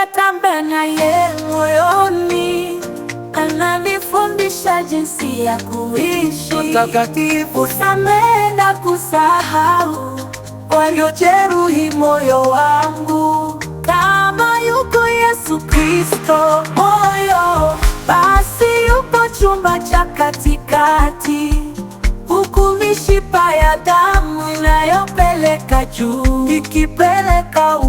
natamba naye moyoni, ananifundisha jinsi ya kuishi mtakatifu, samehe na kusahau waliojeruhi moyo wangu. Kama yuko Yesu Kristo moyo, basi yupo chumba cha katikati, huku mishipa ya damu inayopeleka juu ikipeleka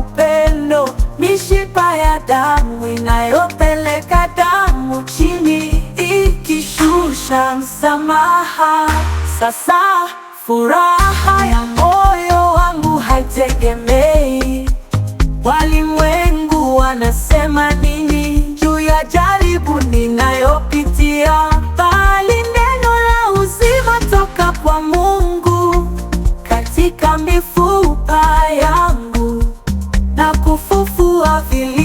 damu inayopeleka damu chini ikishusha msamaha. Sasa furaha ya moyo wangu haitegemei walimwengu wanasema nini juu ya jaribu ninayopitia, bali neno la uzima toka kwa Mungu katika mifupa yangu na kufufua vili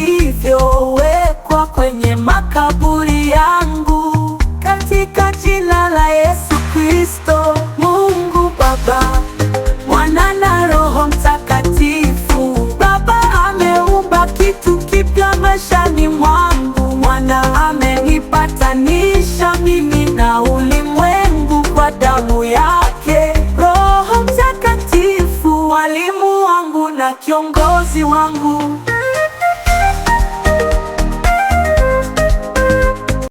na kiongozi wangu